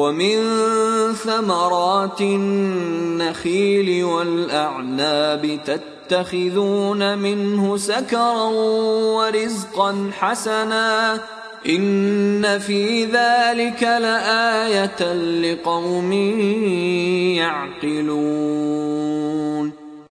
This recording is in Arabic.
ومن ثمرات النخيل والأعناب تتخذون منه سكرا ورزقا حسنا إن في ذلك لآية لقوم يعقلون